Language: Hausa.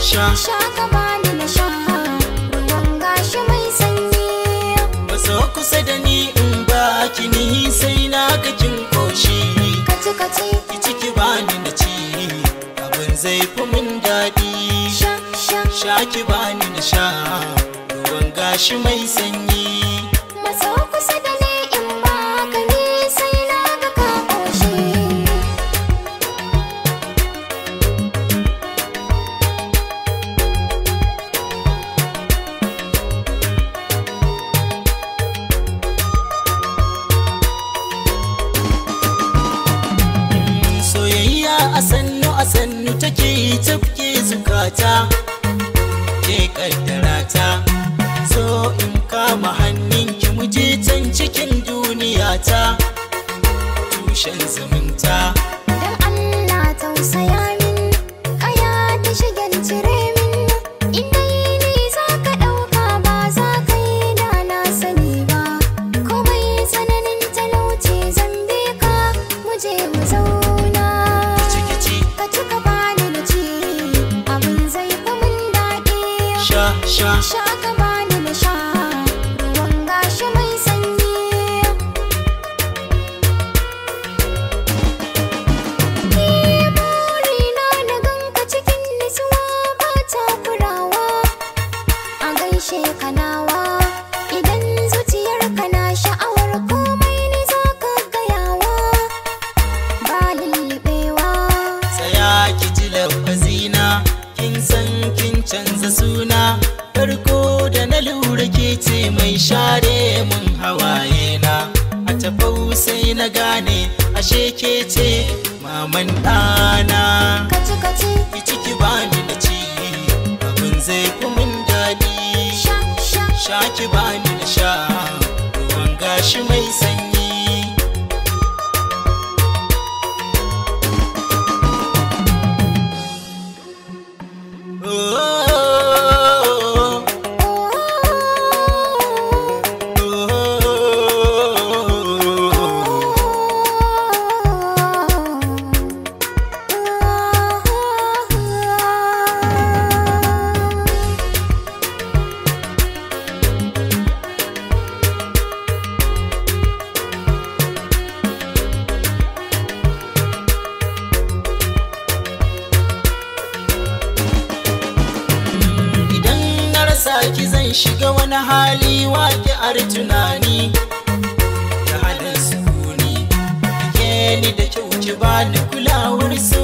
sha sha ka bani na sha ruwan gashi mai sanyi maso kusa da ni in baki ni sai na ga kin koshi kaci kaci ki ciki bani na ci abin zai fi min daɗi sha sha sha ki bani na sha ruwan gashi mai sanyi sannu take tafke zukata ke kaddara ta so in kama hannunki muje can cikin duniya ta tushen zumunta sha ka bani na ruwan gashi mai sanyi ni buri na na ganka cikin nisuwa ba ta kurawa a gaishe kanawa idan zuciyar ka na sha'awar komai ne za ka gayawa ba lullubewa tsaya ki ji lafazina kin san kin canza suna farko da na lura ke ce mai share mun hawaye na a tafau sai na gane ashe ke ce maman ɗana ki ciki bani na ci abin zai fi mun daɗi sha ki bani na sha ruwan gashi mai sanyi shiga wani hali wake ar tunani da halin suni ke ni da kyau ki bani kulawar su